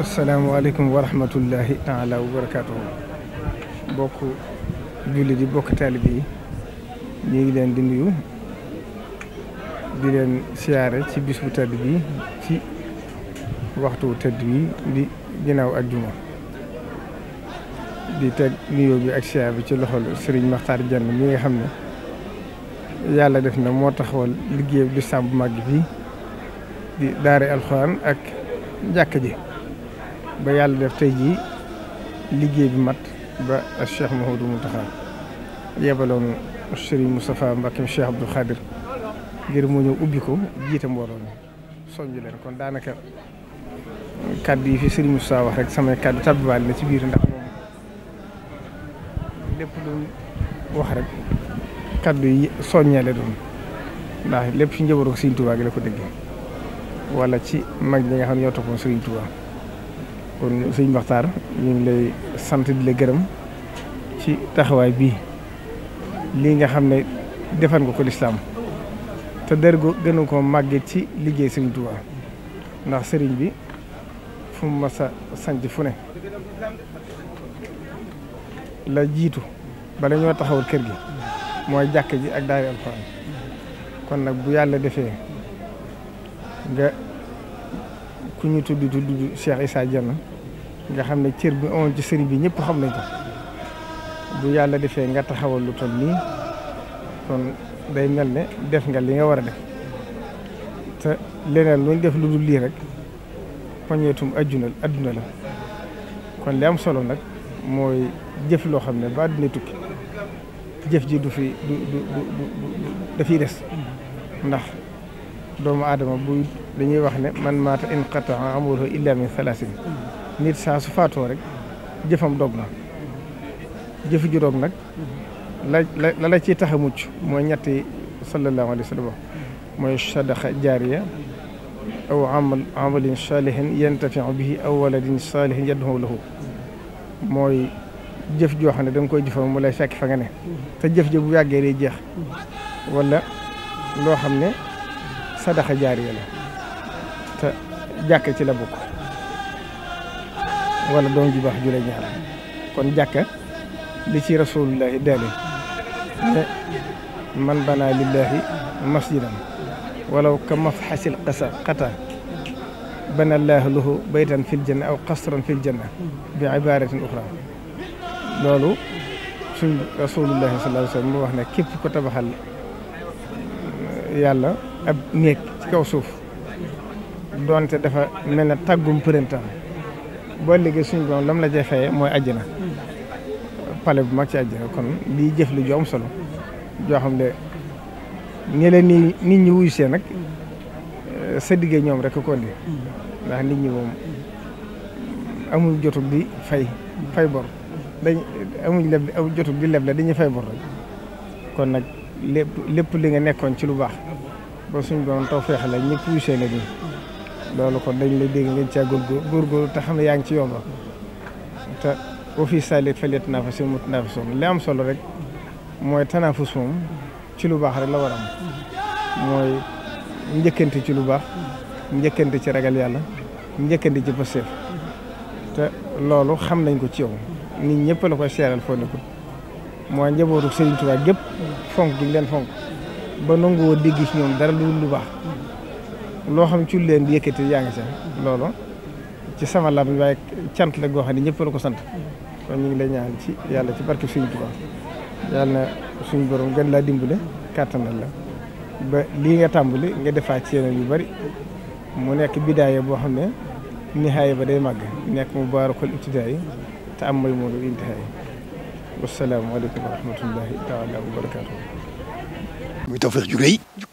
asalaamaaleykum wa rahmatullahi taala wa barakaatuhu bokk jullit yi bokk taalib yi ñu ngi leen di nuyu di leen siyaare ci bis bu bi ci waxtu tëdd bi di ginnaaw àjjuma di teg nuyoo bi ak siyaar bi ci loxol Serigne Makhtar Diagne mi nga xam ne yàlla def na moo taxawal liggéey bi sàmbu sàmm màgg bi di daare alxuraan ak jàkk ji ba yàlla def tey jii liggéey bi mat ba ak Cheikh Mouhamadou Mountakha yebaloon Serigne Moustapha Mbacké Cheikh Abdoul Khadir ngir mu ñëw ubbi ko jiite mbooloo mi soññ leen kon daanaka kaddu yi fi Serigne Moustapha wax rek samay kaddu tabbiwaale na ci biir ndax moom lépp lu wax rek kaddu yi soññale doon ndax lépp ci njabootu Serigne la ko déggee wala ci mag ñi nga xam ne ñoo kon sëñ Maxtaar ñu ngi sant di la gërëm ci taxawaay bii lii nga xam ne defal nga ko lislaam te dergo gënu ko màggee ci liggéey sëriñ Tuuba ndax sëriñ bi fum mu mas a sanc fu ne la jiitu bala ñoo taxawal kër gi mooy jàkk ji ak daari alxuraan kon nag bu yàlla defee nga ku ñu tudd tudd Cheikh Issa na nga xam ne cër bi amoon ci sëriñ bi ñëpp xam nañ ko bu yàlla defee nga taxawal lu toll nii kon day mel ne def nga li nga war a def te leneen lu ñu def lu dul lii rek poñeetum adduna adduna la kon li am solo nag mooy jëf loo xam ne ba adduna tukki jëf ji du fi du du du dafiy des ndax doomu aadama bu dañuy wax ne man maata inqataa amaluhu illa min thalaasin nit saa su faatoo rek jëfam dog na jëfu ju nag la la la ciy tax a mucc mooy ñetti sallallahu alayhi wa sallam mooy sadaqa jaariya aw amal amalin saalihin yantafiu bihi aw waladin saalihin yad'u lahu mooy jëf joo xam ne da koy jëfam mu lay fekk fa nga te jëf ji bu yàggee day jeex wala loo xam ne sadaqa jaariya la te jàkk ci la bokk wala doom ju baax ju kon jàkka li ci rasulullahi daali ne man bana lillahi masjidan walaw ka mafxasil qasa qata bana llaahu lahu baytan fil aw qasran fil janna bi ibaratin uxra loolu suñ rasulullahi sallallahu wax ne képp ko tabaxal uh, yàlla ab néeg ci kaw suuf doonte dafa mel ne tàggum përëntaan boo liggéey suñu borom lam la cay fayee mooy àjjana pale bu mag ci àjjana kon lii jëf lu ju solo joo xam ne ñi ni nit ñi wuyu see nag sa diggee ñoom rek ko nit ñi moom amul jotug di fay fay bor dañ amuñ leb amul jotug di leble dañuy fay rek kon nag lépp lépp li nga nekkoon ci lu baax ba suñ doon taw feex la ñëpp wuyu see nga loolu kon dañ lay dégg ngeen caa góorgóor góorgóorlu te xam ne yaa ngi ci yoon wa te boo fi salit naa fa si mut naa fa li am solo rek mooy tanaafus moom ci lu baax rek la war a am mooy njëkkante ci lu baax njëkkante ci ragal yàlla njëkkante ci pëseef te loolu xam nañ ko ci yow nit ñëpp la koy seeral foo ne ko mooy njabootu Serigne Touba gépp fonk gi leen fonk ba nanguwoo dégg ci ñoom dara lu lu baax loo xam ci leen di yëkkati yaa ngi sa loolu ci sama làmb waaye cant la goo xam ne ñëpp la ko sant kon ñu ngi la ñaan ci yàlla ci barke Sëriñ Tuubaa yàlla na suñu borom gën laa dimbale kàttanal la ba lii nga tàmbali nga defaat ci yeneen yu bari mu nekk bidaaya boo xam ne nihaaya ba day màgg nekk mu baarakul ibtidaay yi te am mooy moo du intihaay wassalaamu aleykum wa rahmatullahi barakaatu muy tawfeex ju